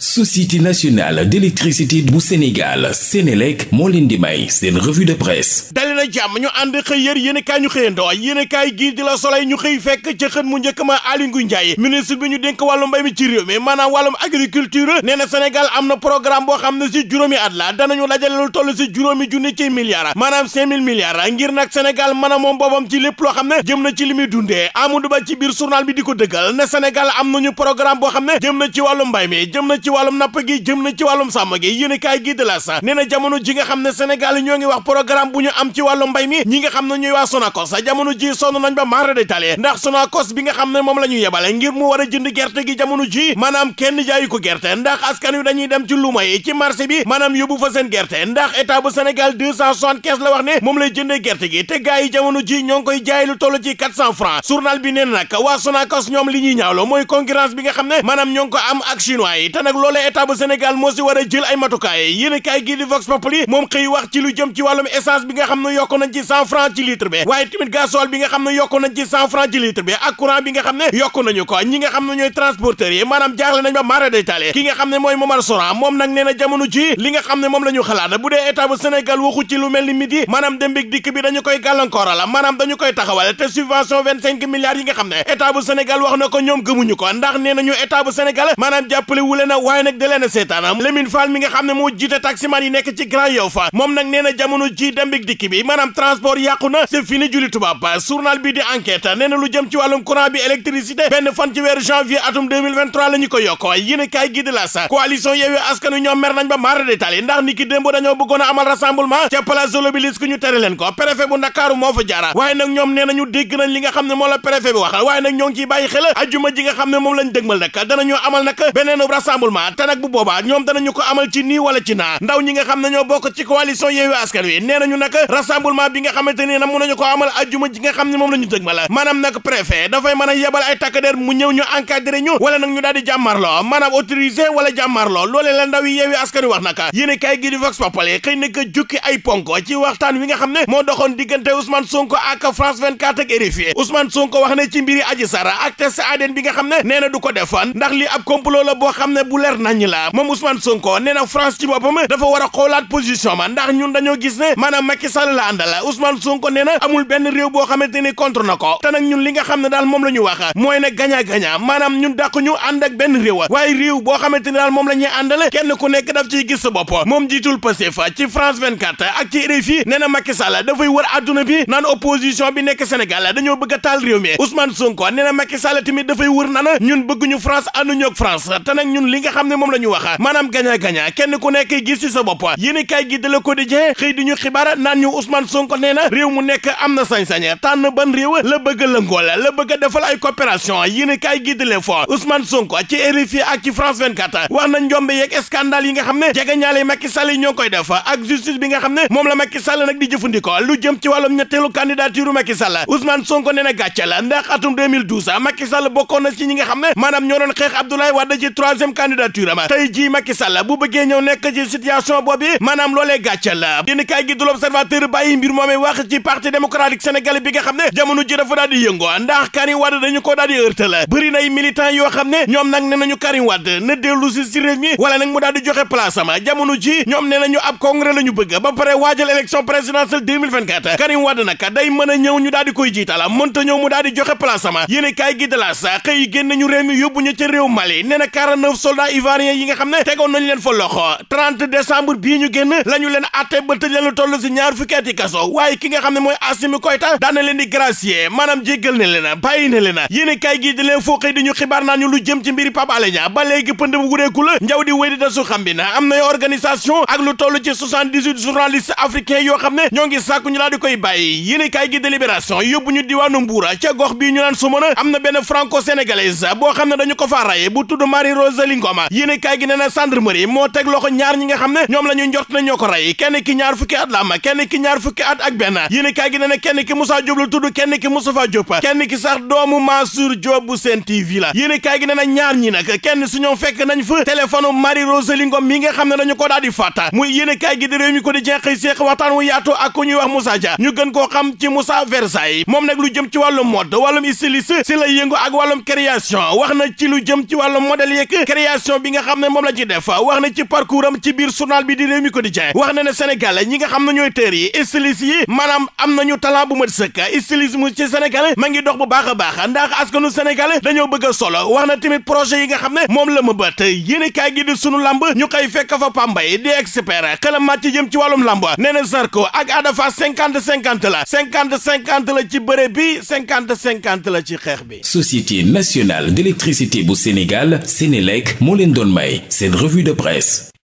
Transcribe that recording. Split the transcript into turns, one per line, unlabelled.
société nationale d'électricité bu Sénégal Sénélec moo leen di may seen revue de presse dali na jàmm ñu ànd xëy yër yéen i kaay ñu xëyandoo yéen i gii di la Soleil ñu xëy fekk ca xët mu njëkk ma Aly Ngouille Ndiaye ñu dénk wàllum mbay mi ci réew mi maanaam wàllum agriculture nee na Sénégal am na programme boo xam ne si juróomi at la danañu dajale lu toll si juróomi junni ci maanaam cinq mille milliards ngir nag Sénégal mën a ci lépp loo xam ne jëm na ci li muy dundee Amadou Ba ci biir journal bi di ko dëggal ne Sénégal am nañu programme boo xam ne jëm na ci wàllum mbay mi jëm ci wàllum napp gi jëm na ci wàllum sàmm ji nga am ci wàllum mbay mi ñi nga xam ne ñooy waa Sonacos jamono ji sonn nañ ba mara ndax Sonacos bi nga xam ne moom la ñu yebale ngir mu war a jënd gerte gi jamono ji maanaam kenn jaayu ko gerte ndax askan wi dem ci luuma ci marché bi maanaam yóbbu fa seen gerte ndax état bu Sénégal 275 la wax ne moom lay jëndee gerte gi te gars yi ji ñoo koy jaay lu toll ci 400 francs journal bi nee na waa Sonacos ñoom li ñuy ñaawlo mooy concurrence bi nga xam ne maanaam ñoo ngi ko am ak chinois yi te nag loolee état bu Sénégal moo si a jël ay matukaay yéenekaay gi moom xëy wax ci lu jëm ci wàllum essence bi nga xam ne yokk nañ ci cent franc ci litre bi waaye tamit gasoil bi nga xam ne yokk nañ ci cent bi nga xam ne yokk nañu ko ñi nga xam ne ñooy transporteurs yi maanaam jaaxle nañ ba mara détaillé ki nga xam ne mooy Momar Soran moom nag nee na jamono ji li nga xam ne moom la ñu xalaat bu dee état bu Sénégal waxu ci lu mel ni midi maanaam dem bi dikk bi dañu koy gàllankooral maanaam dañu koy taxawal te subvention vingt-cinq milliards yi nga xam ne état bu Sénégal wax na ko ñoom gëmuñu ko ndax nee nañu état bu Sénégal maanaam jàppale wule waaye nag da leen a seetaanam Lamine Fall mi nga xam ne moo jiite taximan yi nekk ci Grand Yoff moom nag nee na jamono dem bi dikk bi maanaam transport yàqu na fini julli tubaab ba journal bi di enquête nee lu jëm ci wàllum courant bi électricité benn fan ci weeru janvier atum 2023 ko yokk yéen a kaay gi de la ñoom mer nañ ba mara détaillé ndax ni ki démb dañoo bëggoon a amal rassemblement ca place de l'Obélisque ñu tere leen ko préfet bu Ndakaaru moo fa jaara waaye nag ñoom nee nañu dégg nañ moo la préfet bi wax waaye nag ñoo ngi ciy bàyyi xel ajuma ji nga xam ne département te ma la nag préfet dafay mën a yebal ay takkadeer mu ñëw ñu encadré ñu wala nag ñu daal di jàmmarloo maanaam autorisé wala jàmmarloo loolee la ndaw yi Yewwi Askan Wi wax naka yéen kay gi di Vox xëy na jukki ay ponko ci waxtaan wi nga xam ne moo doxoon diggante Ousmane Sonko ak France 24 ak RFI Ousmane Sonko wax ne ci mbiri Adji Sarr ak test ADN bi nga xam ne nee du ko defan ndax li ab complot boo xam ne bu bu leer la moom Ousmane Sonko nee na France ci boppam dafa war a xoolaat position ma ndax ñun dañoo gis ne maanaam Macky Sall la àndal Ousmane Sonko nee na amul benn réew boo xamante ñun li ne daal moom la ñu wax mooy ne gaña gaña maanaam ñun dàq ñu ànd ak benn réew waaye réew nekk daf ciy gis sa bopp moom jiitul bi naan opposition bi nekk Sénégal dañoo bëgg ñun bëgguñu nga xam ne moom la ñu wax maanaam gagnant gagnant kenn ku nekk gis ci sa bopp yéen kay gi de la quotidien ñu xibaar naan ñu Ousmane Sonko nee na mu nekk am na sañ-sañ tànn ban réew la bëgg lëngool la bëgg defal ay coopération yéen kay gi fo Ousmane Sonko ci RFI ak ci France 24 wax na njombe yeeg scandale yi nga xam ne jegeñaale Macky Sall yi ñoo def ak justice bi nga xam ne moom la Macky Sall nag di lu jëm ci wàllum ñetteelu candidature jii Macky Sall bu bëggee ñëw nekk ci situation boobu maanaam loolee gàcce la yéen kaay gi du l'observateur mbir moomee wax ci parti démocratique sénégalais xam ne jamono ji dafa daal di yëngoo ndax Karim Wade dañu ko daal di heurté la bëri yoo xam ne ñoom nag ne nañu Karim Wade na dellu si si réew mi wala nag mu daal joxe place am jamono ji ñoom ne nañu ab congrès la ñu bëgg waajal élection présidentielle 2024 soldats ivoiriens yi nga xam ne tegoon nañu leen fa loxo 30 décembre bii ñu génn la ñu leen atte ba lu toll si ñaar fukki ati kaso waaye ki nga xam ne mooy Assimi Koïta daan na leen di gracier maanaam jéggal ne leen bàyyi ne leen yéen i kaay gii di leen foo xëy di ñu xibaar naa ñu lu jëm ci mbiri Pape Alé Niang ba léegi pënd bu gureeku la dasu xam bi na am na organisation ak lu toll ci 78 journalistes africains yoo xam ne ñoo ngi sàkku ñu laa di koy bàyyi yéen i kaay gi délibération yóbbu ñu diwaanu Mbuura ca bii ñu naan su mën a am na benn franco sénégalaise boo xam ne dañu ko fa raye bu tudd Maama yéene kaay gi nee na gendarmerie moo teg loxo ñaar ñi nga xam ne ñoom la ñu jot na ñoo ko rey kenn ki ñaar fukki at la kenn ki ñaar fukki at ak benn yéene gi nee na kenn ki musa Diop la tudd kenn ki Moustapha Diop kenn ki sax doomu Mansour Diop bu Sen TV la yéene kaay gi nee na ñaar ñi nag kenn su ñoom fekk nañ fa téléphone Marie Rosalie Ngom mi nga xam ne dañu ko daal di fàtta muy yéene gi di réew mi ko di jeexëy seeq waxtaan wu yaatu ak ku ñuy wax Moussa Dia ñu koo xam ci Moussa Versailles moom nag lu jëm ci wàllum mode wàllum styliste si la yëngu ak wàllum création wax na ci lu jëm ci wàllum modèle émission bi nga xam ne moom la ci def wax na ci parcours am ci biir journal bi di réew mi quotidien wax na ne Sénégal ñi nga xam ne ñooy tër yi stylistes yi maanaam am nañu talent bu mat sëkk stylisme ci Sénégal ma ngi dox bu baax a baax ndax askanu Sénégal dañoo bëgg a solo wax na tamit projet yi nga xam ne moom la mëbët yéene kaay gi di sunu lamb ñu koy fekk fa pambay di expert xelam màcc jëm ci wàllum lamb nee na Zarko ak Adafa cinquante cinquante la cinquante cinquante la ci bëre bi cinquante cinquante la ci xeex bi société nationale d'électricité bu Sénégal Sénélec moo leen doon may seen de presse